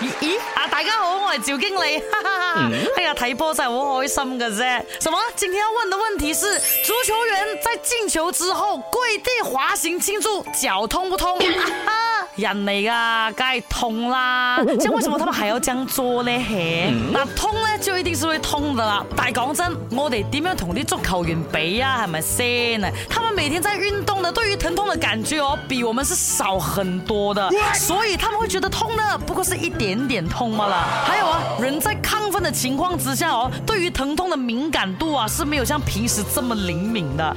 咦啊，大家好，我係趙經理，哈哈，哎呀睇波真係好開心嘅啫。什麼？今天要問的問題是，足球員在進球之後跪地滑行慶祝，腳痛唔痛？啊人類啊梗係痛啦。像為什麼他們還要這樣做呢？那、嗯、痛呢就一定是會痛的啦。但係講真，我哋點樣同啲足球員比啊係咪先呢？他們每天在運動呢，對於疼痛的感覺哦，比我們是少很多的。所以他們會覺得痛呢，不過是一點點痛嘛啦。還有啊，人在亢奮的情況之下哦，對於疼痛的敏感度啊是沒有像平時這麼靈敏的。